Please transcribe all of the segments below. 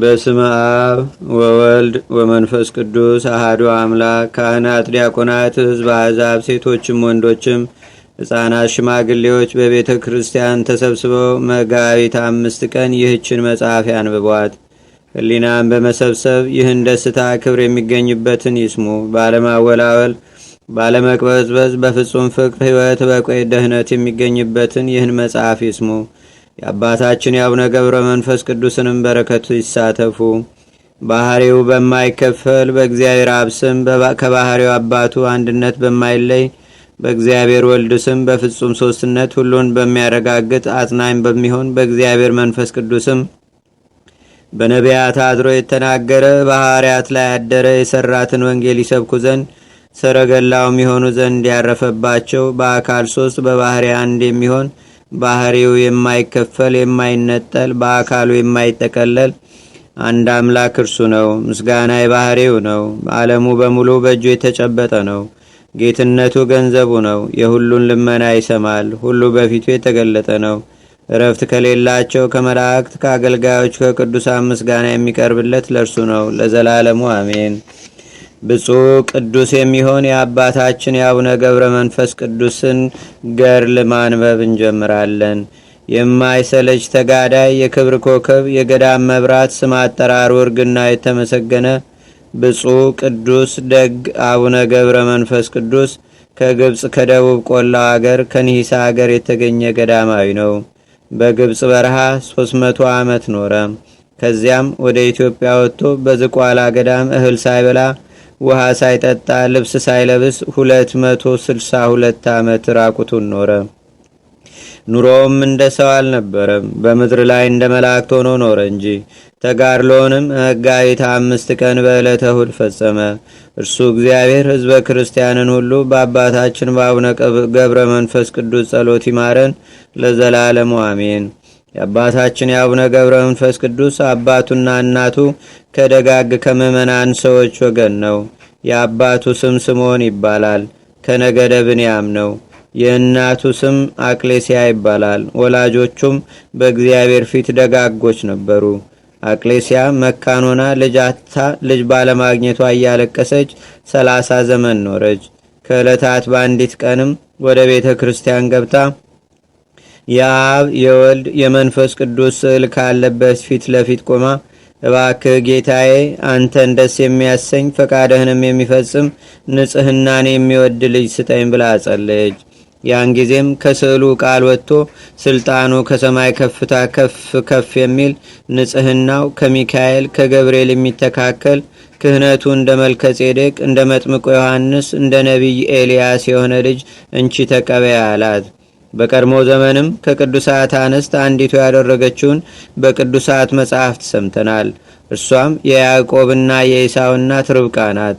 በስመ አብ ወወልድ ወመንፈስ ቅዱስ አህዶ አምላክ ካህናት፣ ዲያቆናት፣ ሕዝብ አሕዛብ፣ ሴቶችም ወንዶችም፣ ሕፃናት፣ ሽማግሌዎች በቤተ ክርስቲያን ተሰብስበው መጋቢት አምስት ቀን ይህችን መጽሐፍ ያንብቧት። ህሊናን በመሰብሰብ ይህን ደስታ ክብር የሚገኝበትን ይስሙ። ባለማወላወል ባለመቅበዝበዝ በፍጹም ፍቅር ሕይወት በቆይ ደህነት የሚገኝበትን ይህን መጽሐፍ ይስሙ። የአባታችን የአቡነ ገብረ መንፈስ ቅዱስንም በረከቱ ይሳተፉ። ባህሪው በማይከፈል በእግዚአብሔር አብ ስም ከባህሪው አባቱ አንድነት በማይለይ በእግዚአብሔር ወልድ ስም በፍጹም ሶስትነት ሁሉን በሚያረጋግጥ አጽናኝ በሚሆን በእግዚአብሔር መንፈስ ቅዱስም በነቢያት አድሮ የተናገረ ባህርያት ላይ ያደረ የሰራትን ወንጌል ይሰብኩ ዘንድ ሰረገላውም የሆኑ ዘንድ ያረፈባቸው በአካል ሶስት በባህሪ አንድ የሚሆን ባህሪው የማይከፈል የማይነጠል በአካሉ የማይጠቀለል አንድ አምላክ እርሱ ነው። ምስጋና የባህሪው ነው። ዓለሙ በሙሉ በእጁ የተጨበጠ ነው። ጌትነቱ ገንዘቡ ነው። የሁሉን ልመና ይሰማል። ሁሉ በፊቱ የተገለጠ ነው። እረፍት ከሌላቸው ከመላእክት፣ ከአገልጋዮች፣ ከቅዱሳን ምስጋና የሚቀርብለት ለእርሱ ነው። ለዘላለሙ አሜን። ብፁዕ ቅዱስ የሚሆን የአባታችን የአቡነ ገብረ መንፈስ ቅዱስን ገድል ማንበብ እንጀምራለን። የማይሰለች ተጋዳይ፣ የክብር ኮከብ፣ የገዳም መብራት፣ ስም አጠራሩ እርግና የተመሰገነ ብፁዕ ቅዱስ ደግ አቡነ ገብረ መንፈስ ቅዱስ ከግብፅ ከደቡብ ቆላው አገር ከኒሂሳ አገር የተገኘ ገዳማዊ ነው። በግብፅ በረሃ 300 ዓመት ኖረ። ከዚያም ወደ ኢትዮጵያ ወጥቶ በዝቋላ ገዳም እህል ሳይበላ ውሃ ሳይጠጣ ልብስ ሳይለብስ 262 ዓመት ራቁቱን ኖረ። ኑሮውም እንደ ሰው አልነበረም፣ በምድር ላይ እንደ መላእክት ሆኖ ኖረ እንጂ። ተጋድሎውንም መጋቢት አምስት ቀን በዕለተ እሁድ ፈጸመ። እርሱ እግዚአብሔር ሕዝበ ክርስቲያንን ሁሉ በአባታችን በአቡነ ገብረ መንፈስ ቅዱስ ጸሎት ይማረን ለዘላለሙ አሜን። የአባታችን የአቡነ ገብረ መንፈስ ቅዱስ አባቱና እናቱ ከደጋግ ከምዕመናን ሰዎች ወገን ነው። የአባቱ ስም ስምዖን ይባላል፣ ከነገደ ብንያም ነው። የእናቱ ስም አቅሌሲያ ይባላል። ወላጆቹም በእግዚአብሔር ፊት ደጋጎች ነበሩ። አቅሌሲያ መካኖና ልጃታ ልጅ ልጅ ባለማግኘቷ እያለቀሰች ሰላሳ ዘመን ኖረች። ከዕለታት በአንዲት ቀንም ወደ ቤተ ክርስቲያን ገብታ የአብ የወልድ የመንፈስ ቅዱስ ስዕል ካለበት ፊት ለፊት ቆማ እባክህ ጌታዬ አንተን ደስ የሚያሰኝ ፈቃድህንም የሚፈጽም ንጽህናን የሚወድ ልጅ ስጠኝ ብላ ጸለየች። ያን ጊዜም ከስዕሉ ቃል ወጥቶ ስልጣኑ ከሰማይ ከፍታ ከፍ ከፍ የሚል ንጽህናው ከሚካኤል ከገብርኤል የሚተካከል ክህነቱ እንደ መልከ ጼዴቅ እንደ መጥምቆ ዮሐንስ እንደ ነቢይ ኤልያስ የሆነ ልጅ እንቺ ተቀበያ አላት። በቀድሞ ዘመንም ከቅዱሳት አንስት አንዲቱ ያደረገችውን በቅዱሳት መጽሐፍት ሰምተናል። እርሷም የያዕቆብና የኢሳው እናት ርብቃ ናት።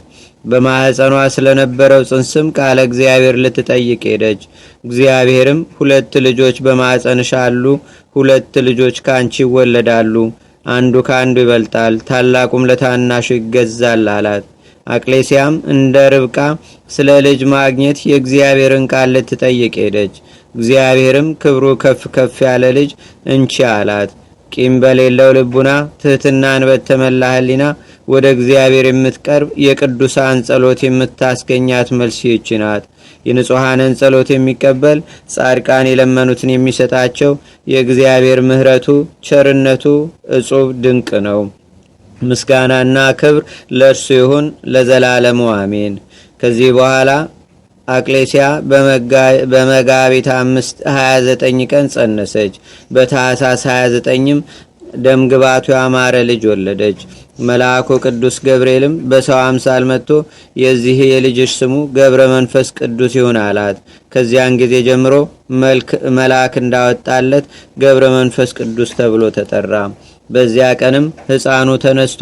በማኅፀኗ ስለነበረው ጽንስም ቃለ እግዚአብሔር ልትጠይቅ ሄደች። እግዚአብሔርም ሁለት ልጆች በማኅፀንሽ አሉ፣ ሁለት ልጆች ከአንቺ ይወለዳሉ፣ አንዱ ከአንዱ ይበልጣል፣ ታላቁም ለታናሹ ይገዛል አላት። አቅሌሲያም እንደ ርብቃ ስለ ልጅ ማግኘት የእግዚአብሔርን ቃል ልትጠይቅ ሄደች። እግዚአብሔርም ክብሩ ከፍ ከፍ ያለ ልጅ እንቺ አላት። ቂም በሌለው ልቡና ትሕትናን በተመላ ህሊና ወደ እግዚአብሔር የምትቀርብ የቅዱሳን ጸሎት የምታስገኛት መልስ ይች ናት። የንጹሐንን ጸሎት የሚቀበል ጻድቃን የለመኑትን የሚሰጣቸው የእግዚአብሔር ምህረቱ ቸርነቱ እጹብ ድንቅ ነው። ምስጋናና ክብር ለእርሱ ይሁን ለዘላለሙ አሜን። ከዚህ በኋላ አቅሌሲያ በመጋቢት አምስት 29 ቀን ጸነሰች። በታህሳስ 29ም ደምግባቱ ያማረ ልጅ ወለደች። መልአኩ ቅዱስ ገብርኤልም በሰው አምሳል መጥቶ የዚህ የልጅሽ ስሙ ገብረ መንፈስ ቅዱስ ይሁን አላት። ከዚያን ጊዜ ጀምሮ መልአክ እንዳወጣለት ገብረ መንፈስ ቅዱስ ተብሎ ተጠራ። በዚያ ቀንም ሕፃኑ ተነስቶ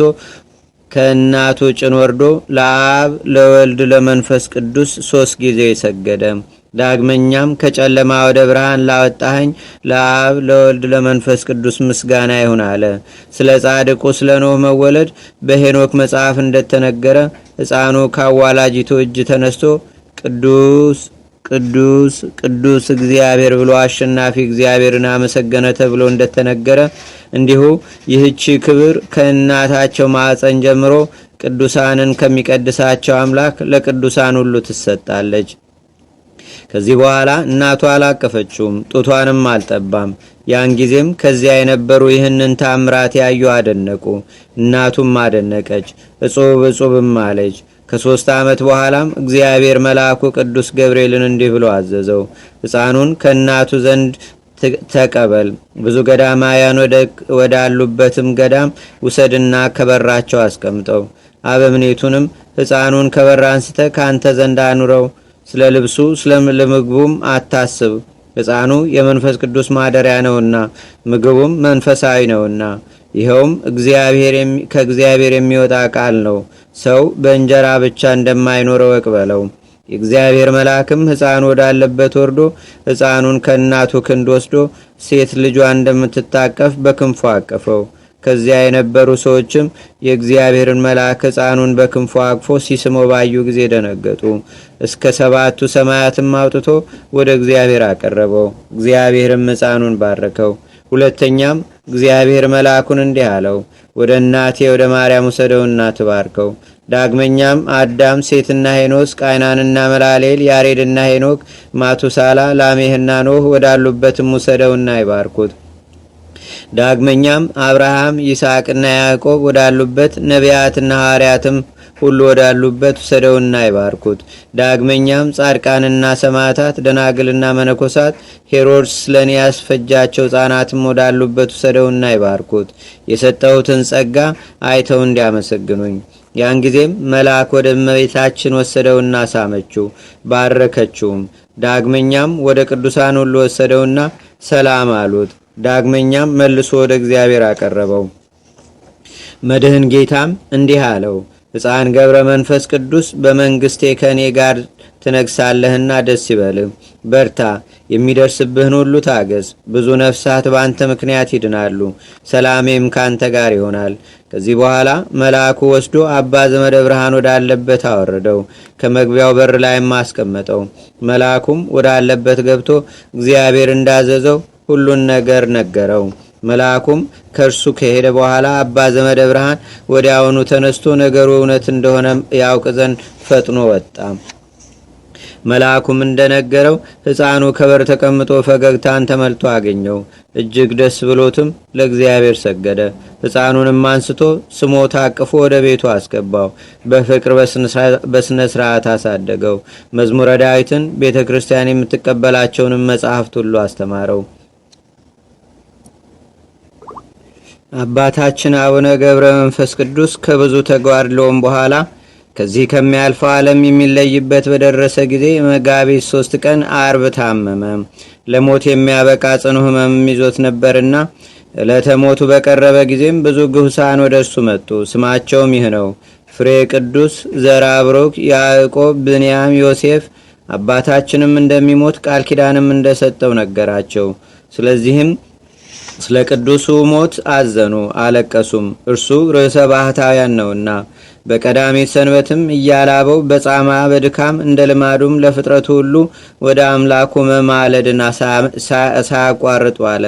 ከእናቱ ጭን ወርዶ ለአብ ለወልድ ለመንፈስ ቅዱስ ሦስት ጊዜ ሰገደ። ዳግመኛም ከጨለማ ወደ ብርሃን ላወጣኸኝ ለአብ ለወልድ ለመንፈስ ቅዱስ ምስጋና ይሁን አለ። ስለ ጻድቁ ስለ ኖህ መወለድ በሄኖክ መጽሐፍ እንደተነገረ ሕፃኑ ከአዋላጂቱ እጅ ተነስቶ ቅዱስ ቅዱስ ቅዱስ እግዚአብሔር ብሎ አሸናፊ እግዚአብሔርን አመሰገነ ተብሎ እንደተነገረ እንዲሁ ይህች ክብር ከእናታቸው ማዕፀን ጀምሮ ቅዱሳንን ከሚቀድሳቸው አምላክ ለቅዱሳን ሁሉ ትሰጣለች። ከዚህ በኋላ እናቱ አላቀፈችውም፣ ጡቷንም አልጠባም። ያን ጊዜም ከዚያ የነበሩ ይህንን ታምራት ያዩ አደነቁ። እናቱም አደነቀች፣ እጹብ እጹብም አለች። ከሶስት ዓመት በኋላም እግዚአብሔር መልአኩ ቅዱስ ገብርኤልን እንዲህ ብሎ አዘዘው፣ ሕፃኑን ከእናቱ ዘንድ ተቀበል፣ ብዙ ገዳማውያን ወዳሉበትም ገዳም ውሰድና ከበራቸው አስቀምጠው። አበምኔቱንም ሕፃኑን ከበር አንስተ ከአንተ ዘንድ አኑረው፣ ስለ ልብሱ ስለ ምግቡም አታስብ፣ ሕፃኑ የመንፈስ ቅዱስ ማደሪያ ነውና ምግቡም መንፈሳዊ ነውና፣ ይኸውም ከእግዚአብሔር የሚወጣ ቃል ነው ሰው በእንጀራ ብቻ እንደማይኖረው እቅበለው። በለው። የእግዚአብሔር መልአክም ሕፃን ወዳለበት ወርዶ ሕፃኑን ከእናቱ ክንድ ወስዶ ሴት ልጇ እንደምትታቀፍ በክንፎ አቀፈው። ከዚያ የነበሩ ሰዎችም የእግዚአብሔርን መልአክ ሕፃኑን በክንፎ አቅፎ ሲስሞ ባዩ ጊዜ ደነገጡ። እስከ ሰባቱ ሰማያትም አውጥቶ ወደ እግዚአብሔር አቀረበው። እግዚአብሔርም ሕፃኑን ባረከው። ሁለተኛም እግዚአብሔር መልአኩን እንዲህ አለው፣ ወደ እናቴ ወደ ማርያም ውሰደውና ትባርከው። ዳግመኛም አዳም፣ ሴትና ሄኖስ፣ ቃይናንና መላሌል፣ ያሬድና ሄኖክ፣ ማቱሳላ፣ ላሜህና ኖህ ወዳሉበትም ውሰደውና ይባርኩት። ዳግመኛም አብርሃም፣ ይስሐቅና ያዕቆብ ወዳሉበት ነቢያትና ሐዋርያትም ሁሉ ወዳሉበት ውሰደውና ይባርኩት። ዳግመኛም ጻድቃንና ሰማዕታት፣ ደናግልና መነኮሳት ሄሮድስ ለእኔ ያስፈጃቸው ሕፃናትም ወዳሉበት ውሰደውና ይባርኩት። የሰጠሁትን ጸጋ አይተው እንዲያመሰግኑኝ። ያን ጊዜም መልአክ ወደ እመቤታችን ወሰደውና ሳመችው፣ ባረከችውም። ዳግመኛም ወደ ቅዱሳን ሁሉ ወሰደውና ሰላም አሉት። ዳግመኛም መልሶ ወደ እግዚአብሔር አቀረበው። መድህን ጌታም እንዲህ አለው ሕፃን ገብረ መንፈስ ቅዱስ በመንግሥቴ ከእኔ ጋር ትነግሳለህና ደስ ይበልህ። በርታ፣ የሚደርስብህን ሁሉ ታገዝ ብዙ ነፍሳት በአንተ ምክንያት ይድናሉ፣ ሰላሜም ካንተ ጋር ይሆናል። ከዚህ በኋላ መልአኩ ወስዶ አባ ዘመደ ብርሃን ወዳለበት አወረደው፣ ከመግቢያው በር ላይም አስቀመጠው። መልአኩም ወዳለበት ገብቶ እግዚአብሔር እንዳዘዘው ሁሉን ነገር ነገረው። መልአኩም ከእርሱ ከሄደ በኋላ አባ ዘመደ ብርሃን ወዲያውኑ ተነስቶ ነገሩ እውነት እንደሆነ ያውቅ ዘንድ ፈጥኖ ወጣ። መልአኩም እንደነገረው ሕፃኑ ከበር ተቀምጦ ፈገግታን ተመልቶ አገኘው። እጅግ ደስ ብሎትም ለእግዚአብሔር ሰገደ። ሕፃኑንም አንስቶ ስሞ ታቅፎ ወደ ቤቱ አስገባው። በፍቅር በሥነ ሥርዓት አሳደገው። መዝሙረ ዳዊትን፣ ቤተ ክርስቲያን የምትቀበላቸውንም መጽሐፍት ሁሉ አስተማረው። አባታችን አቡነ ገብረ መንፈስ ቅዱስ ከብዙ ተጋድሎም በኋላ ከዚህ ከሚያልፈው ዓለም የሚለይበት በደረሰ ጊዜ መጋቢት ሶስት ቀን አርብ ታመመ። ለሞት የሚያበቃ ጽኑ ሕመም ይዞት ነበርና ለተሞቱ ሞቱ በቀረበ ጊዜም ብዙ ግሁሳን ወደ እሱ መጡ። ስማቸውም ይህ ነው፦ ፍሬ ቅዱስ፣ ዘራብሮክ ብሩክ፣ ያዕቆብ፣ ብንያም፣ ዮሴፍ። አባታችንም እንደሚሞት ቃል ኪዳንም እንደሰጠው ነገራቸው። ስለዚህም ስለ ቅዱሱ ሞት አዘኑ አለቀሱም፣ እርሱ ርዕሰ ባህታውያን ነውና። በቀዳሚት ሰንበትም እያላበው በጻማ በድካም እንደ ልማዱም ለፍጥረቱ ሁሉ ወደ አምላኩ መማለድና ሳያቋርጡ አለ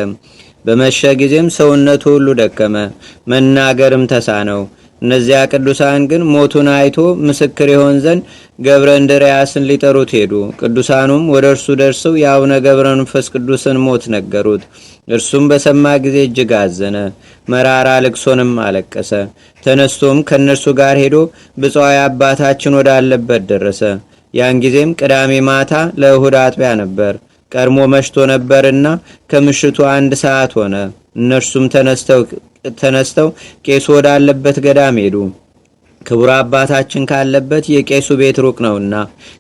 በመሸ ጊዜም ሰውነቱ ሁሉ ደከመ፣ መናገርም ተሳነው። እነዚያ ቅዱሳን ግን ሞቱን አይቶ ምስክር የሆን ዘንድ ገብረ እንድርያስን ሊጠሩት ሄዱ። ቅዱሳኑም ወደ እርሱ ደርሰው የአቡነ ገብረ መንፈስ ቅዱስን ሞት ነገሩት። እርሱም በሰማ ጊዜ እጅግ አዘነ፣ መራራ ልቅሶንም አለቀሰ። ተነስቶም ከእነርሱ ጋር ሄዶ ብፁዓዊ አባታችን ወዳለበት ደረሰ። ያን ጊዜም ቅዳሜ ማታ ለእሁድ አጥቢያ ነበር። ቀድሞ መሽቶ ነበርና ከምሽቱ አንድ ሰዓት ሆነ። እነርሱም ተነስተው ተነስተው ቄሱ ወዳለበት ገዳም ሄዱ። ክቡር አባታችን ካለበት የቄሱ ቤት ሩቅ ነውና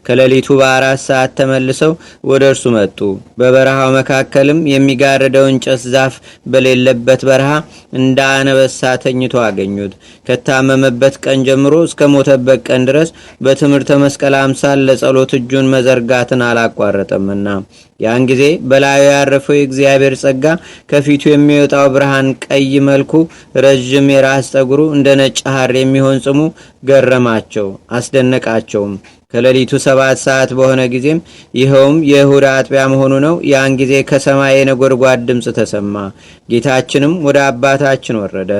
ከሌሊቱ በአራት ሰዓት ተመልሰው ወደ እርሱ መጡ። በበረሃው መካከልም የሚጋርደው እንጨት ዛፍ በሌለበት በረሃ እንደ አነበሳ ተኝቶ አገኙት። ከታመመበት ቀን ጀምሮ እስከ ሞተበት ቀን ድረስ በትምህርተ መስቀል አምሳል ለጸሎት እጁን መዘርጋትን አላቋረጠምና ያን ጊዜ በላዩ ያረፈው የእግዚአብሔር ጸጋ ከፊቱ የሚወጣው ብርሃን ቀይ መልኩ፣ ረዥም የራስ ጠጉሩ እንደ ነጭ ሐር የሚሆን ጽሙ ገረማቸው፣ አስደነቃቸውም። ከሌሊቱ ሰባት ሰዓት በሆነ ጊዜም ይኸውም የእሁዳ አጥቢያ መሆኑ ነው። ያን ጊዜ ከሰማይ የነጎድጓድ ድምፅ ተሰማ። ጌታችንም ወደ አባታችን ወረደ።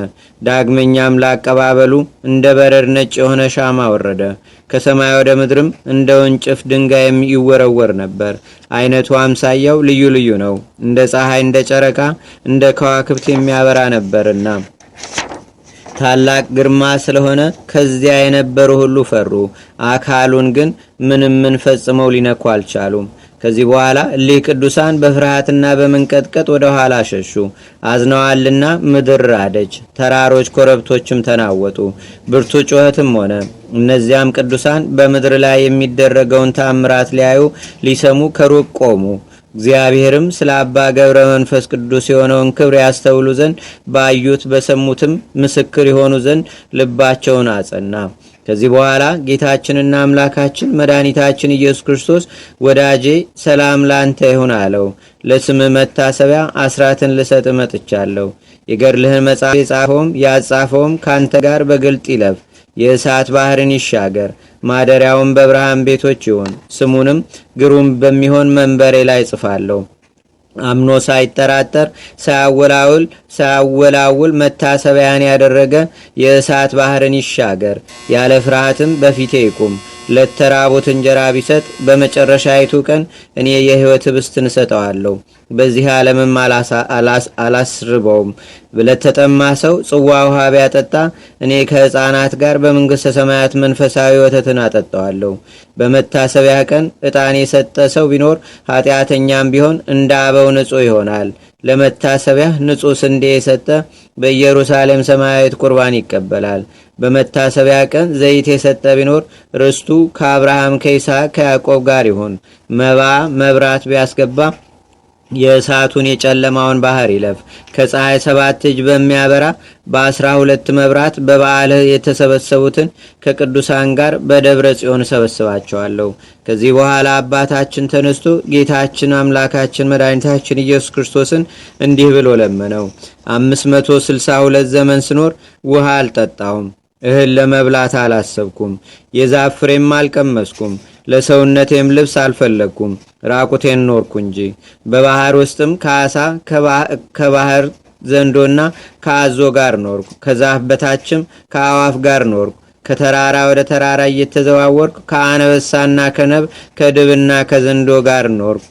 ዳግመኛም ላቀባበሉ እንደ በረድ ነጭ የሆነ ሻማ ወረደ። ከሰማይ ወደ ምድርም እንደ ወንጭፍ ድንጋይም ይወረወር ነበር። አይነቱ አምሳያው ልዩ ልዩ ነው። እንደ ፀሐይ፣ እንደ ጨረቃ፣ እንደ ከዋክብት የሚያበራ ነበርና ታላቅ ግርማ ስለሆነ ከዚያ የነበሩ ሁሉ ፈሩ። አካሉን ግን ምንም ምን ፈጽመው ሊነኩ አልቻሉም። ከዚህ በኋላ ሊህ ቅዱሳን በፍርሃትና በመንቀጥቀጥ ወደ ኋላ ሸሹ። አዝነዋልና ምድር ራደች፣ ተራሮች ኮረብቶችም ተናወጡ፣ ብርቱ ጩኸትም ሆነ። እነዚያም ቅዱሳን በምድር ላይ የሚደረገውን ታምራት ሊያዩ ሊሰሙ ከሩቅ ቆሙ። እግዚአብሔርም ስለ አባ ገብረ መንፈስ ቅዱስ የሆነውን ክብር ያስተውሉ ዘንድ ባዩት በሰሙትም ምስክር የሆኑ ዘንድ ልባቸውን አጸና። ከዚህ በኋላ ጌታችንና አምላካችን መድኃኒታችን ኢየሱስ ክርስቶስ ወዳጄ ሰላም ላንተ ይሁን አለው። ለስም መታሰቢያ አስራትን ልሰጥ መጥቻለሁ። የገድልህን መጽሐፍ የጻፈውም ያጻፈውም ካንተ ጋር በግልጥ ይለፍ የእሳት ባህርን ይሻገር። ማደሪያውን በብርሃን ቤቶች ይሆን። ስሙንም ግሩም በሚሆን መንበሬ ላይ ጽፋለሁ። አምኖ ሳይጠራጠር ሳያወላውል ሳያወላውል መታሰቢያን ያደረገ የእሳት ባህርን ይሻገር። ያለ ፍርሃትም በፊቴ ይቁም። ለተራቡት እንጀራ ቢሰጥ በመጨረሻይቱ ቀን እኔ የሕይወት ብስትን እሰጠዋለሁ። በዚህ ዓለምም አላስርበውም። ለተጠማ ሰው ጽዋ ውሃ ቢያጠጣ እኔ ከሕፃናት ጋር በመንግሥተ ሰማያት መንፈሳዊ ወተትን አጠጣዋለሁ። በመታሰቢያ ቀን ዕጣን የሰጠ ሰው ቢኖር ኀጢአተኛም ቢሆን እንደ አበው ንጹሕ ይሆናል። ለመታሰቢያ ንጹሕ ስንዴ የሰጠ በኢየሩሳሌም ሰማያዊት ቁርባን ይቀበላል። በመታሰቢያ ቀን ዘይት የሰጠ ቢኖር ርስቱ ከአብርሃም ከይስሐቅ ከያዕቆብ ጋር ይሁን። መባ መብራት ቢያስገባ የእሳቱን የጨለማውን ባህር ይለፍ። ከፀሐይ ሰባት እጅ በሚያበራ በአስራ ሁለት መብራት በበዓል የተሰበሰቡትን ከቅዱሳን ጋር በደብረ ጽዮን እሰበስባቸዋለሁ። ከዚህ በኋላ አባታችን ተነስቶ ጌታችን አምላካችን መድኃኒታችን ኢየሱስ ክርስቶስን እንዲህ ብሎ ለመነው። አምስት መቶ ስልሳ ሁለት ዘመን ስኖር ውሃ አልጠጣውም እህል ለመብላት አላሰብኩም፣ የዛፍ ፍሬም አልቀመስኩም፣ ለሰውነቴም ልብስ አልፈለግኩም ራቁቴን ኖርኩ እንጂ በባህር ውስጥም ከአሳ ከባህር ዘንዶና ከአዞ ጋር ኖርኩ። ከዛፍ በታችም ከአዋፍ ጋር ኖርኩ። ከተራራ ወደ ተራራ እየተዘዋወርኩ ከአነበሳና ከነብ ከድብና ከዘንዶ ጋር ኖርኩ።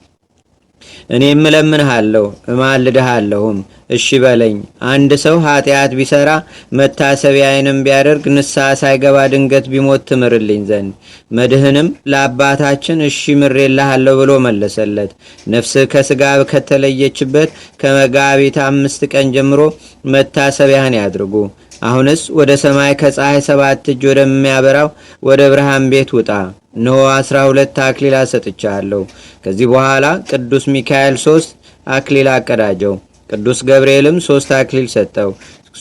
እኔ እለምንሃለሁ እማልድሃለሁም፣ እሺ በለኝ። አንድ ሰው ኃጢአት ቢሰራ መታሰቢያዬንም ቢያደርግ ንሳ ሳይገባ ድንገት ቢሞት ትምርልኝ ዘንድ። መድህንም ለአባታችን እሺ ምሬልሃለሁ ብሎ መለሰለት። ነፍስህ ከስጋ ከተለየችበት ከመጋቢት አምስት ቀን ጀምሮ መታሰቢያን ያድርጉ። አሁንስ ወደ ሰማይ ከፀሐይ ሰባት እጅ ወደሚያበራው ወደ ብርሃን ቤት ውጣ። እነሆ አስራ ሁለት አክሊል አሰጥቻለሁ። ከዚህ በኋላ ቅዱስ ሚካኤል ሶስት አክሊል አቀዳጀው። ቅዱስ ገብርኤልም ሶስት አክሊል ሰጠው።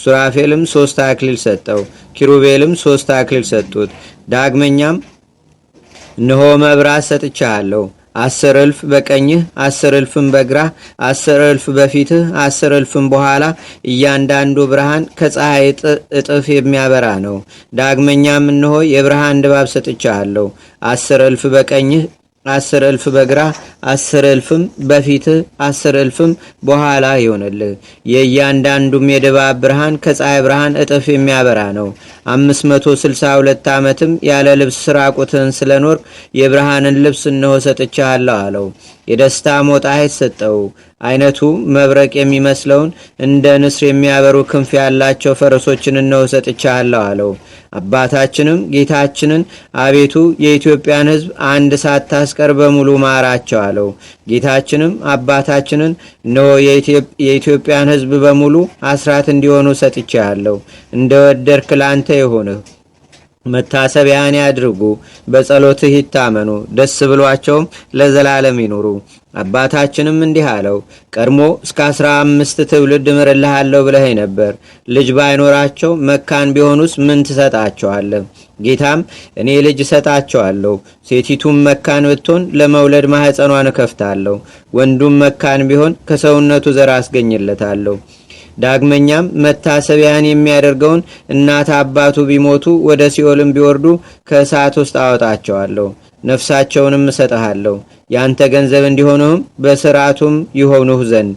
ሱራፌልም ሶስት አክሊል ሰጠው። ኪሩቤልም ሶስት አክሊል ሰጡት። ዳግመኛም እነሆ መብራት ሰጥቻለሁ አስር እልፍ በቀኝህ አስር እልፍም በግራህ አስር እልፍ በፊትህ አስር እልፍም በኋላ እያንዳንዱ ብርሃን ከፀሐይ እጥፍ የሚያበራ ነው። ዳግመኛም እንሆ የብርሃን ድባብ ሰጥቻለሁ። አስር እልፍ በቀኝህ አስር እልፍ በግራ አስር እልፍም በፊትህ አስር እልፍም በኋላ ይሆንልህ። የእያንዳንዱም የድባብ ብርሃን ከፀሐይ ብርሃን እጥፍ የሚያበራ ነው። አምስት መቶ ስልሳ ሁለት ዓመትም ያለ ልብስ ራቁትህን ስለኖር የብርሃንን ልብስ እነሆ ሰጥቻለሁ አለው። የደስታ ሞጣ አይሰጠው አይነቱ መብረቅ የሚመስለውን እንደ ንስር የሚያበሩ ክንፍ ያላቸው ፈረሶችን እነሆ ሰጥቼሃለሁ አለው። አባታችንም ጌታችንን አቤቱ የኢትዮጵያን ሕዝብ አንድ ሳታስቀር በሙሉ ማራቸው አለው። ጌታችንም አባታችንን እነሆ የኢትዮጵያን ሕዝብ በሙሉ አስራት እንዲሆኑ ሰጥቼ አለው እንደ ወደርክ ላንተ የሆንህ መታሰቢያን ያድርጉ፣ በጸሎትህ ይታመኑ፣ ደስ ብሏቸውም ለዘላለም ይኑሩ። አባታችንም እንዲህ አለው፣ ቀድሞ እስከ አስራ አምስት ትውልድ እምርልሃለሁ ብለኸኝ ነበር። ልጅ ባይኖራቸው መካን ቢሆኑስ ምን ትሰጣቸዋለህ? ጌታም እኔ ልጅ እሰጣቸዋለሁ። ሴቲቱም መካን ብትሆን ለመውለድ ማኅፀኗን እከፍታለሁ። ወንዱም መካን ቢሆን ከሰውነቱ ዘር አስገኝለታለሁ። ዳግመኛም መታሰቢያን የሚያደርገውን እናት አባቱ ቢሞቱ ወደ ሲኦልም ቢወርዱ ከእሳት ውስጥ አወጣቸዋለሁ፣ ነፍሳቸውንም እሰጠሃለሁ። ያንተ ገንዘብ እንዲሆኑህም በስርዓቱም ይሆኑህ ዘንድ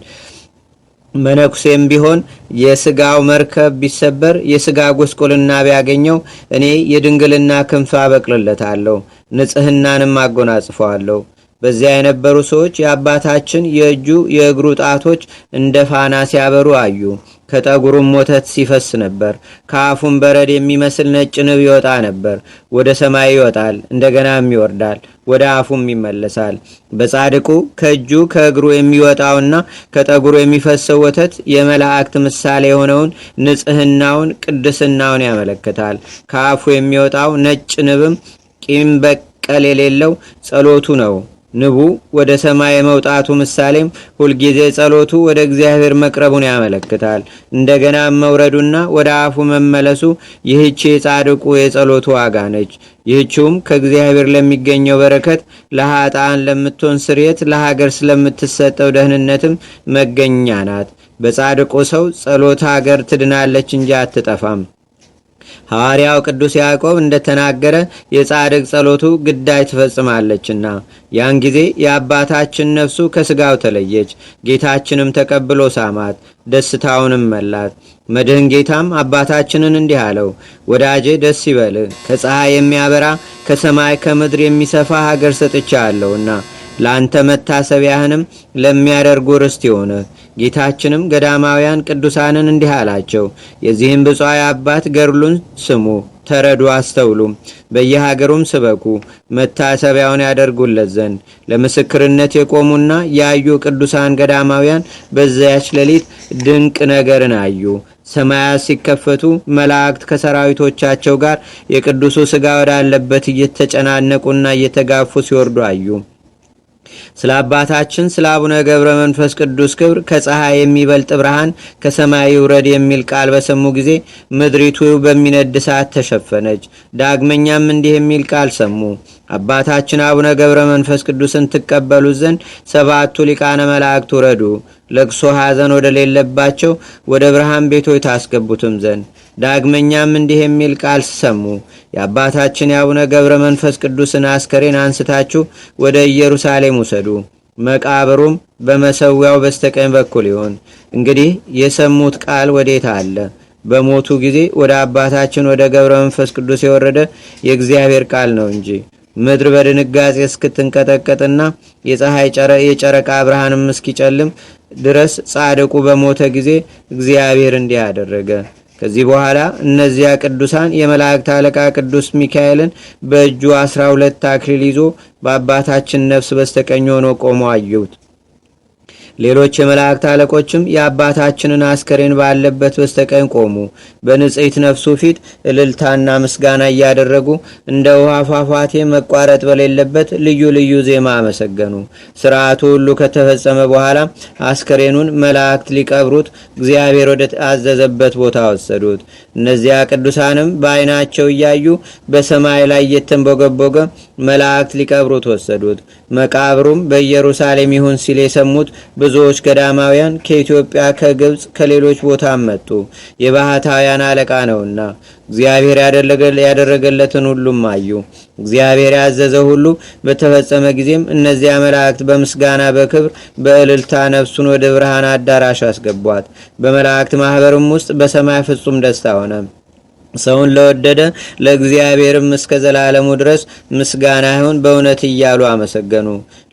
መነኩሴም ቢሆን የስጋው መርከብ ቢሰበር የስጋ ጉስቁልና ቢያገኘው እኔ የድንግልና ክንፍ አበቅልለታለሁ፣ ንጽህናንም አጎናጽፈዋለሁ በዚያ የነበሩ ሰዎች የአባታችን የእጁ የእግሩ ጣቶች እንደ ፋና ሲያበሩ አዩ። ከጠጉሩም ወተት ሲፈስ ነበር። ከአፉም በረድ የሚመስል ነጭ ንብ ይወጣ ነበር። ወደ ሰማይ ይወጣል፣ እንደገናም ይወርዳል፣ ወደ አፉም ይመለሳል። በጻድቁ ከእጁ ከእግሩ የሚወጣውና ከጠጉሩ የሚፈሰው ወተት የመላእክት ምሳሌ የሆነውን ንጽህናውን ቅድስናውን ያመለክታል። ከአፉ የሚወጣው ነጭ ንብም ቂም በቀል የሌለው ጸሎቱ ነው። ንቡ ወደ ሰማይ የመውጣቱ ምሳሌም ሁልጊዜ ጸሎቱ ወደ እግዚአብሔር መቅረቡን ያመለክታል። እንደገና መውረዱና ወደ አፉ መመለሱ ይህቺ የጻድቁ የጸሎቱ ዋጋ ነች። ይህችውም ከእግዚአብሔር ለሚገኘው በረከት፣ ለሀጣን ለምትሆን ስርየት፣ ለሀገር ስለምትሰጠው ደህንነትም መገኛ ናት። በጻድቁ ሰው ጸሎት ሀገር ትድናለች እንጂ አትጠፋም። ሐዋርያው ቅዱስ ያዕቆብ እንደተናገረ የጻድቅ ጸሎቱ ግዳይ ትፈጽማለችና ያን ጊዜ የአባታችን ነፍሱ ከስጋው ተለየች። ጌታችንም ተቀብሎ ሳማት፣ ደስታውንም መላት። መድህን ጌታም አባታችንን እንዲህ አለው፣ ወዳጄ ደስ ይበልህ፣ ከፀሐይ የሚያበራ ከሰማይ ከምድር የሚሰፋ ሀገር አለውና። ለአንተ መታሰቢያህንም ለሚያደርጉ ርስት የሆነ ጌታችንም ገዳማውያን ቅዱሳንን እንዲህ አላቸው። የዚህም ብፁዓዊ አባት ገድሉን ስሙ፣ ተረዱ፣ አስተውሉ በየሀገሩም ስበኩ፣ መታሰቢያውን ያደርጉለት ዘንድ ለምስክርነት የቆሙና ያዩ ቅዱሳን ገዳማውያን በዚያች ሌሊት ድንቅ ነገርን አዩ። ሰማያት ሲከፈቱ መላእክት ከሰራዊቶቻቸው ጋር የቅዱሱ ሥጋ ወዳለበት እየተጨናነቁና እየተጋፉ ሲወርዱ አዩ። ስለ አባታችን ስለ አቡነ ገብረ መንፈስ ቅዱስ ክብር ከፀሐይ የሚበልጥ ብርሃን ከሰማይ ውረድ የሚል ቃል በሰሙ ጊዜ ምድሪቱ በሚነድ ሰዓት ተሸፈነች። ዳግመኛም እንዲህ የሚል ቃል ሰሙ። አባታችን አቡነ ገብረ መንፈስ ቅዱስን ትቀበሉት ዘንድ ሰባቱ ሊቃነ መላእክት ውረዱ፣ ለቅሶ ሐዘን ወደሌለባቸው ወደ ብርሃን ቤቶች ታስገቡትም ዘንድ ዳግመኛም እንዲህ የሚል ቃል ሰሙ። የአባታችን የአቡነ ገብረ መንፈስ ቅዱስን አስከሬን አንስታችሁ ወደ ኢየሩሳሌም ውሰዱ፣ መቃብሩም በመሰዊያው በስተቀኝ በኩል ይሆን። እንግዲህ የሰሙት ቃል ወዴት አለ? በሞቱ ጊዜ ወደ አባታችን ወደ ገብረ መንፈስ ቅዱስ የወረደ የእግዚአብሔር ቃል ነው እንጂ ምድር በድንጋጼ እስክትንቀጠቀጥና የፀሐይ የጨረቃ ብርሃንም እስኪጨልም ድረስ ጻድቁ በሞተ ጊዜ እግዚአብሔር እንዲህ አደረገ። ከዚህ በኋላ እነዚያ ቅዱሳን የመላእክት አለቃ ቅዱስ ሚካኤልን በእጁ አስራ ሁለት አክሊል ይዞ በአባታችን ነፍስ በስተቀኝ ሆኖ ቆሞ አየሁት። ሌሎች የመላእክት አለቆችም የአባታችንን አስከሬን ባለበት በስተቀኝ ቆሙ። በንጽሕት ነፍሱ ፊት እልልታና ምስጋና እያደረጉ እንደ ውሃ ፏፏቴ መቋረጥ በሌለበት ልዩ ልዩ ዜማ አመሰገኑ። ስርዓቱ ሁሉ ከተፈጸመ በኋላ አስከሬኑን መላእክት ሊቀብሩት እግዚአብሔር ወደ አዘዘበት ቦታ ወሰዱት። እነዚያ ቅዱሳንም በዓይናቸው እያዩ በሰማይ ላይ እየተንቦገቦገ መላእክት ሊቀብሩት ወሰዱት። መቃብሩም በኢየሩሳሌም ይሁን ሲል የሰሙት ብዙዎች ገዳማውያን ከኢትዮጵያ፣ ከግብፅ፣ ከሌሎች ቦታም መጡ። የባህታውያን አለቃ ነውና እግዚአብሔር ያደረገለትን ሁሉም አዩ። እግዚአብሔር ያዘዘ ሁሉ በተፈጸመ ጊዜም እነዚያ መላእክት በምስጋና በክብር በእልልታ ነፍሱን ወደ ብርሃን አዳራሽ አስገቧት። በመላእክት ማኅበርም ውስጥ በሰማይ ፍጹም ደስታ ሆነ። ሰውን ለወደደ ለእግዚአብሔርም እስከ ዘላለሙ ድረስ ምስጋና ይሁን በእውነት እያሉ አመሰገኑ።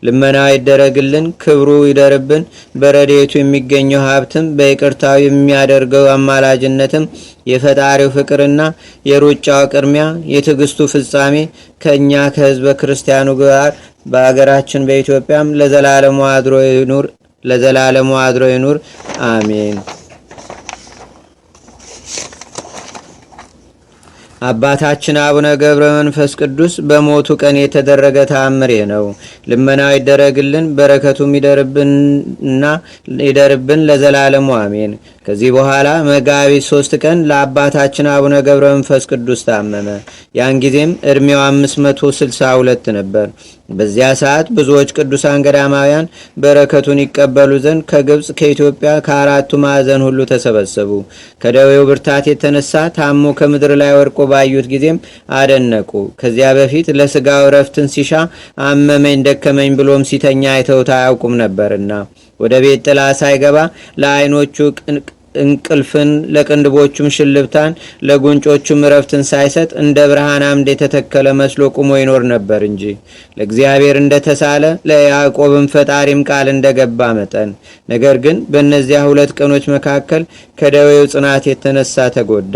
ልመናው ይደረግልን፣ ክብሩ ይደርብን። በረዴቱ የሚገኘው ሀብትም በይቅርታው የሚያደርገው አማላጅነትም የፈጣሪው ፍቅርና የሩጫው ቅድሚያ የትዕግስቱ ፍጻሜ ከእኛ ከህዝበ ክርስቲያኑ ጋር በአገራችን በኢትዮጵያም ለዘላለሙ አድሮ ይኑር ለዘላለሙ አድሮ ይኑር። አሜን። አባታችን አቡነ ገብረ መንፈስ ቅዱስ በሞቱ ቀን የተደረገ ተአምሬ ነው። ልመናው ይደረግልን፣ በረከቱም ይደርብንና ይደርብን ለዘላለሙ አሜን። ከዚህ በኋላ መጋቢት ሶስት ቀን ለአባታችን አቡነ ገብረ መንፈስ ቅዱስ ታመመ። ያን ጊዜም ዕድሜው 562 ነበር። በዚያ ሰዓት ብዙዎች ቅዱሳን ገዳማውያን በረከቱን ይቀበሉ ዘንድ ከግብፅ፣ ከኢትዮጵያ፣ ከአራቱ ማዕዘን ሁሉ ተሰበሰቡ። ከደዌው ብርታት የተነሳ ታሞ ከምድር ላይ ወድቆ ባዩት ጊዜም አደነቁ። ከዚያ በፊት ለስጋው እረፍትን ሲሻ አመመኝ ደከመኝ ብሎም ሲተኛ አይተውት አያውቁም ነበርና ወደ ቤት ጥላ ሳይገባ ለአይኖቹ እንቅልፍን ለቅንድቦቹም ሽልብታን ለጉንጮቹም እረፍትን ሳይሰጥ እንደ ብርሃን አምድ የተተከለ መስሎ ቁሞ ይኖር ነበር እንጂ ለእግዚአብሔር እንደተሳለ ለያዕቆብም ፈጣሪም ቃል እንደገባ መጠን። ነገር ግን በእነዚያ ሁለት ቀኖች መካከል ከደዌው ጽናት የተነሳ ተጎዳ፣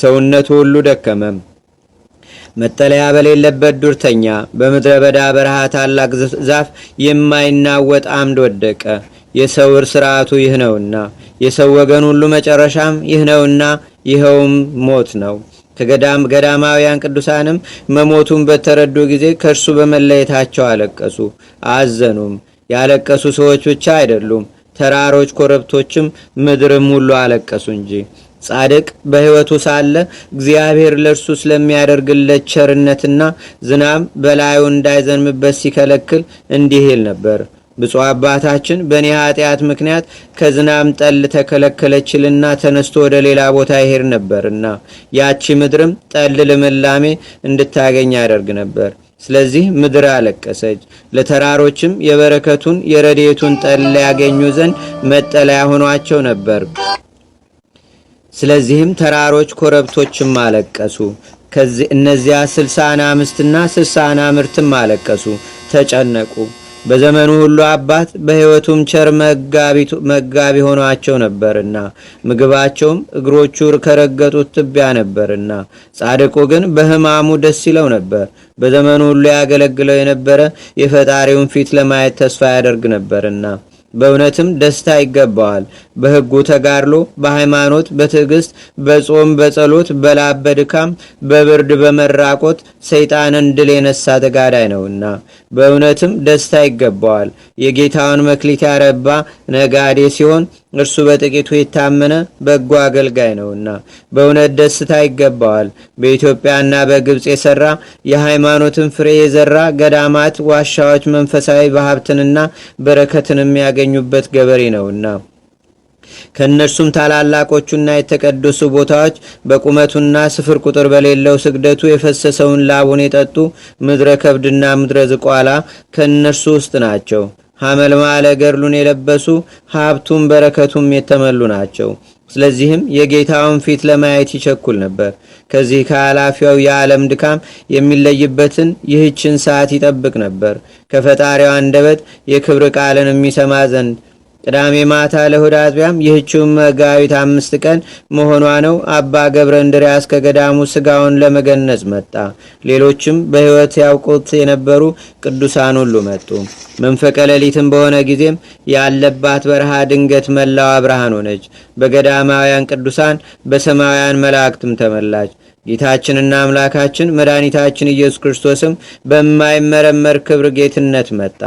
ሰውነቱ ሁሉ ደከመም። መጠለያ በሌለበት ዱርተኛ በምድረ በዳ በረሃ ታላቅ ዛፍ የማይናወጥ አምድ ወደቀ። የሰውር ስርዓቱ ይህ ነውና የሰው ወገን ሁሉ መጨረሻም ይህ ነውና ይኸውም ሞት ነው። ከገዳም ገዳማውያን ቅዱሳንም መሞቱን በተረዱ ጊዜ ከእርሱ በመለየታቸው አለቀሱ፣ አዘኑም። ያለቀሱ ሰዎች ብቻ አይደሉም፣ ተራሮች፣ ኮረብቶችም ምድርም ሁሉ አለቀሱ እንጂ። ጻድቅ በሕይወቱ ሳለ እግዚአብሔር ለእርሱ ስለሚያደርግለት ቸርነትና ዝናብ በላዩ እንዳይዘንብበት ሲከለክል እንዲህ ይል ነበር ብፁዕ አባታችን በእኔ ኃጢአት ምክንያት ከዝናም ጠል ተከለከለችልና ተነስቶ ወደ ሌላ ቦታ ይሄድ ነበርና ያቺ ምድርም ጠል ልምላሜ እንድታገኝ ያደርግ ነበር። ስለዚህ ምድር አለቀሰች። ለተራሮችም የበረከቱን የረዴቱን ጠል ያገኙ ዘንድ መጠለያ ሆኗቸው ነበር። ስለዚህም ተራሮች ኮረብቶችም አለቀሱ። እነዚያ ስልሳ አናምስትና ስልሳ አናምርትም አለቀሱ፣ ተጨነቁ። በዘመኑ ሁሉ አባት በሕይወቱም ቸር መጋቢ ሆኗቸው ነበርና ምግባቸውም እግሮቹ ከረገጡት ትቢያ ነበርና፣ ጻድቁ ግን በሕማሙ ደስ ይለው ነበር። በዘመኑ ሁሉ ያገለግለው የነበረ የፈጣሪውን ፊት ለማየት ተስፋ ያደርግ ነበርና በእውነትም ደስታ ይገባዋል። በህጉ ተጋድሎ፣ በሃይማኖት፣ በትዕግስት፣ በጾም፣ በጸሎት፣ በላብ፣ በድካም፣ በብርድ፣ በመራቆት ሰይጣንን ድል የነሳ ተጋዳይ ነውና በእውነትም ደስታ ይገባዋል። የጌታውን መክሊት ያረባ ነጋዴ ሲሆን እርሱ በጥቂቱ የታመነ በጎ አገልጋይ ነውና በእውነት ደስታ ይገባዋል። በኢትዮጵያና በግብፅ የሰራ የሃይማኖትን ፍሬ የዘራ ገዳማት፣ ዋሻዎች መንፈሳዊ በሀብትንና በረከትን የሚያገኙበት ገበሬ ነውና ከእነርሱም ታላላቆቹና የተቀደሱ ቦታዎች በቁመቱና ስፍር ቁጥር በሌለው ስግደቱ የፈሰሰውን ላቡን የጠጡ ምድረ ከብድና ምድረ ዝቋላ ከእነርሱ ውስጥ ናቸው። ሐመልማለ ገድሉን የለበሱ ሀብቱም በረከቱም የተመሉ ናቸው። ስለዚህም የጌታውን ፊት ለማየት ይቸኩል ነበር። ከዚህ ከኃላፊያው የዓለም ድካም የሚለይበትን ይህችን ሰዓት ይጠብቅ ነበር ከፈጣሪው አንደበት የክብር ቃልን የሚሰማ ዘንድ ቅዳሜ ማታ ለእሁድ አጥቢያም ይህችውም መጋቢት አምስት ቀን መሆኗ ነው። አባ ገብረ እንድሪያስ ከገዳሙ ስጋውን ለመገነጽ መጣ። ሌሎችም በሕይወት ያውቁት የነበሩ ቅዱሳን ሁሉ መጡ። መንፈቀ ሌሊትም በሆነ ጊዜም ያለባት በረሃ ድንገት መላዋ ብርሃን ሆነች። በገዳማውያን ቅዱሳን በሰማውያን መላእክትም ተመላች። ጌታችንና አምላካችን መድኃኒታችን ኢየሱስ ክርስቶስም በማይመረመር ክብር ጌትነት መጣ።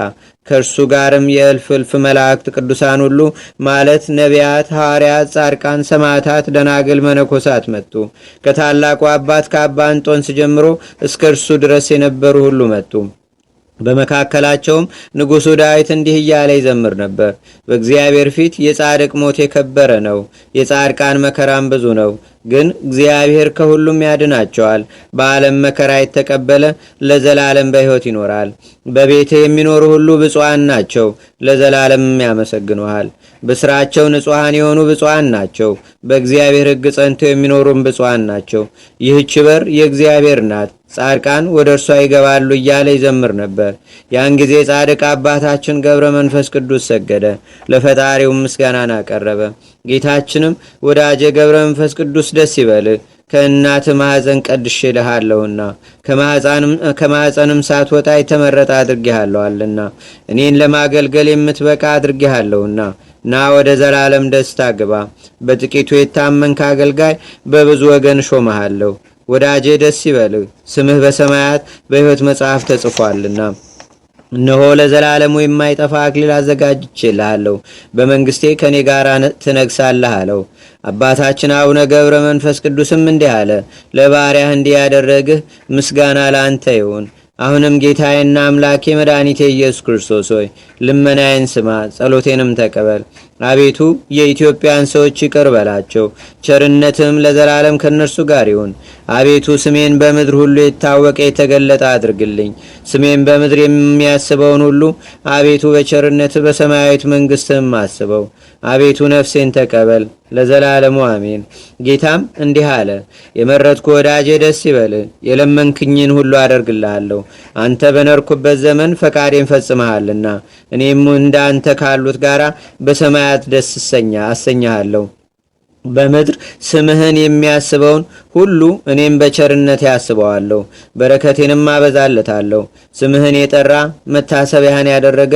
ከእርሱ ጋርም የእልፍ እልፍ መላእክት ቅዱሳን ሁሉ ማለት ነቢያት፣ ሐዋርያት፣ ጻድቃን፣ ሰማዕታት፣ ደናግል፣ መነኮሳት መጡ። ከታላቁ አባት ከአባ እንጦንስ ጀምሮ እስከ እርሱ ድረስ የነበሩ ሁሉ መጡ። በመካከላቸውም ንጉሡ ዳዊት እንዲህ እያለ ይዘምር ነበር። በእግዚአብሔር ፊት የጻድቅ ሞት የከበረ ነው፣ የጻድቃን መከራም ብዙ ነው። ግን እግዚአብሔር ከሁሉም ያድናቸዋል። በዓለም መከራ የተቀበለ ለዘላለም በሕይወት ይኖራል። በቤተ የሚኖሩ ሁሉ ብፁዓን ናቸው፣ ለዘላለምም ያመሰግኑሃል። በስራቸው ንጹሐን የሆኑ ብፁዓን ናቸው፣ በእግዚአብሔር ሕግ ጸንተው የሚኖሩም ብፁዓን ናቸው። ይህች በር የእግዚአብሔር ናት ጻድቃን ወደ እርሷ ይገባሉ እያለ ይዘምር ነበር። ያን ጊዜ ጻድቅ አባታችን ገብረ መንፈስ ቅዱስ ሰገደ፣ ለፈጣሪውም ምስጋናን አቀረበ። ጌታችንም ወዳጀ ገብረ መንፈስ ቅዱስ ደስ ይበልህ ከእናት ማኅፀን ቀድሼ ልሃለሁና ከማኅፀንም ሳትወጣ የተመረጠ አድርጌሃለዋልና እኔን ለማገልገል የምትበቃ አድርጌሃለሁና ና ወደ ዘላለም ደስታ ግባ። በጥቂቱ የታመንክ አገልጋይ በብዙ ወገን ሾመሃለሁ ወዳጄ ደስ ይበል፣ ስምህ በሰማያት በሕይወት መጽሐፍ ተጽፏልና እነሆ ለዘላለሙ የማይጠፋ አክሊል አዘጋጅቼልሃለሁ፣ በመንግሥቴ ከእኔ ጋር ትነግሳለህ አለው። አባታችን አቡነ ገብረ መንፈስ ቅዱስም እንዲህ አለ፣ ለባሪያህ እንዲህ ያደረግህ ምስጋና ለአንተ ይሁን። አሁንም ጌታዬና አምላኬ መድኃኒቴ ኢየሱስ ክርስቶስ ሆይ ልመናዬን ስማ፣ ጸሎቴንም ተቀበል። አቤቱ የኢትዮጵያን ሰዎች ይቅር በላቸው፣ ቸርነትም ለዘላለም ከእነርሱ ጋር ይሁን። አቤቱ ስሜን በምድር ሁሉ የታወቀ የተገለጠ አድርግልኝ። ስሜን በምድር የሚያስበውን ሁሉ አቤቱ በቸርነት በሰማያዊት መንግሥትም አስበው። አቤቱ ነፍሴን ተቀበል፣ ለዘላለሙ አሜን። ጌታም እንዲህ አለ፣ የመረጥኩ ወዳጄ ደስ ይበል፣ የለመንክኝን ሁሉ አደርግልሃለሁ። አንተ በነርኩበት ዘመን ፈቃዴን ፈጽመሃልና እኔም እንደ አንተ ካሉት ጋራ በሰማያ በሰማያት ደስ ሰኛ አሰኛሃለሁ። በምድር ስምህን የሚያስበውን ሁሉ እኔም በቸርነት ያስበዋለሁ፣ በረከቴንም አበዛለታለሁ። ስምህን የጠራ መታሰቢያን ያደረገ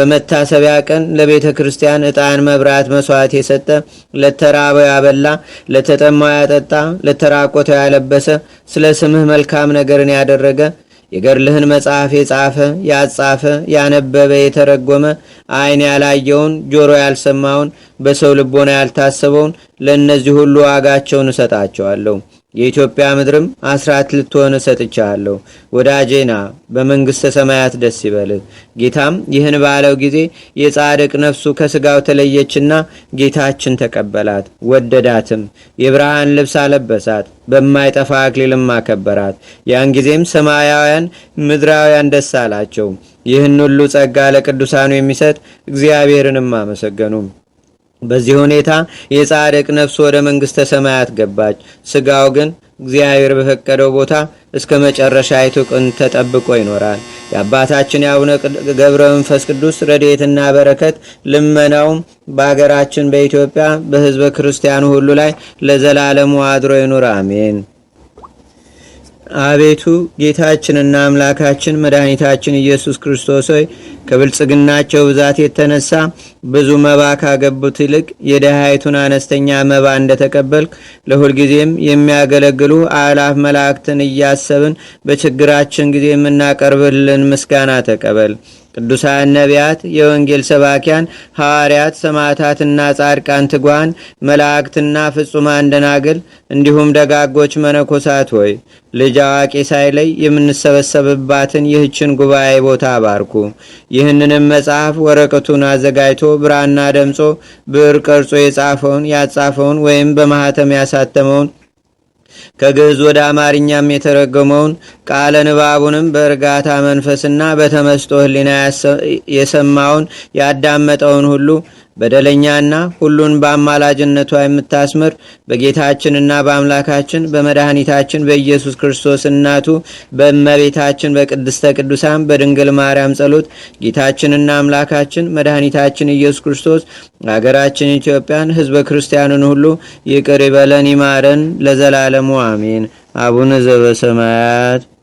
በመታሰቢያ ቀን ለቤተ ክርስቲያን እጣን መብራት፣ መስዋዕት የሰጠ ለተራበው ያበላ፣ ለተጠማው ያጠጣ፣ ለተራቆተው ያለበሰ ስለ ስምህ መልካም ነገርን ያደረገ የገድልህን መጽሐፍ የጻፈ ያጻፈ ያነበበ የተረጎመ አይን ያላየውን ጆሮ ያልሰማውን በሰው ልቦና ያልታሰበውን ለእነዚህ ሁሉ ዋጋቸውን እሰጣቸዋለሁ። የኢትዮጵያ ምድርም አስራት ልትሆን ሰጥቻለሁ። ወዳጄና በመንግሥተ ሰማያት ደስ ይበልህ። ጌታም ይህን ባለው ጊዜ የጻድቅ ነፍሱ ከስጋው ተለየችና ጌታችን ተቀበላት፣ ወደዳትም። የብርሃን ልብስ አለበሳት፣ በማይጠፋ አክሊልም አከበራት። ያን ጊዜም ሰማያውያን ምድራውያን ደስ አላቸው። ይህን ሁሉ ጸጋ ለቅዱሳኑ የሚሰጥ እግዚአብሔርንም አመሰገኑ። በዚህ ሁኔታ የጻድቅ ነፍስ ወደ መንግሥተ ሰማያት ገባች። ስጋው ግን እግዚአብሔር በፈቀደው ቦታ እስከ መጨረሻ ቀን ተጠብቆ ይኖራል። የአባታችን የአቡነ ገብረ መንፈስ ቅዱስ ረድኤትና በረከት ልመናውም በአገራችን በኢትዮጵያ በሕዝበ ክርስቲያኑ ሁሉ ላይ ለዘላለሙ አድሮ ይኑር፣ አሜን። አቤቱ ጌታችንና አምላካችን መድኃኒታችን ኢየሱስ ክርስቶስ ሆይ ከብልጽግናቸው ብዛት የተነሳ ብዙ መባ ካገቡት ይልቅ የድሃይቱን አነስተኛ መባ እንደተቀበልክ ለሁልጊዜም የሚያገለግሉ አላፍ መላእክትን እያሰብን በችግራችን ጊዜ የምናቀርብልን ምስጋና ተቀበል። ቅዱሳን ነቢያት፣ የወንጌል ሰባኪያን ሐዋርያት፣ ሰማዕታትና ጻድቃን ትጓን፣ መላእክትና ፍጹማን ደናግል እንዲሁም ደጋጎች መነኮሳት ሆይ ልጅ አዋቂ ሳይለይ የምንሰበሰብባትን ይህችን ጉባኤ ቦታ አባርኩ። ይህንንም መጽሐፍ ወረቀቱን አዘጋጅቶ ብራና ደምጾ ብዕር ቀርጾ የጻፈውን ያጻፈውን ወይም በማኅተም ያሳተመውን ከግዕዝ ወደ አማርኛም የተረጎመውን ቃለ ንባቡንም በእርጋታ መንፈስና በተመስጦ ህሊና የሰማውን ያዳመጠውን ሁሉ በደለኛና ሁሉን በአማላጅነቷ የምታስምር በጌታችንና በአምላካችን በመድኃኒታችን በኢየሱስ ክርስቶስ እናቱ በእመቤታችን በቅድስተ ቅዱሳን በድንግል ማርያም ጸሎት ጌታችንና አምላካችን መድኃኒታችን ኢየሱስ ክርስቶስ አገራችን ኢትዮጵያን፣ ሕዝበ ክርስቲያኑን ሁሉ ይቅር ይበለን ይማረን፣ ለዘላለሙ አሜን። አቡነ ዘበሰማያት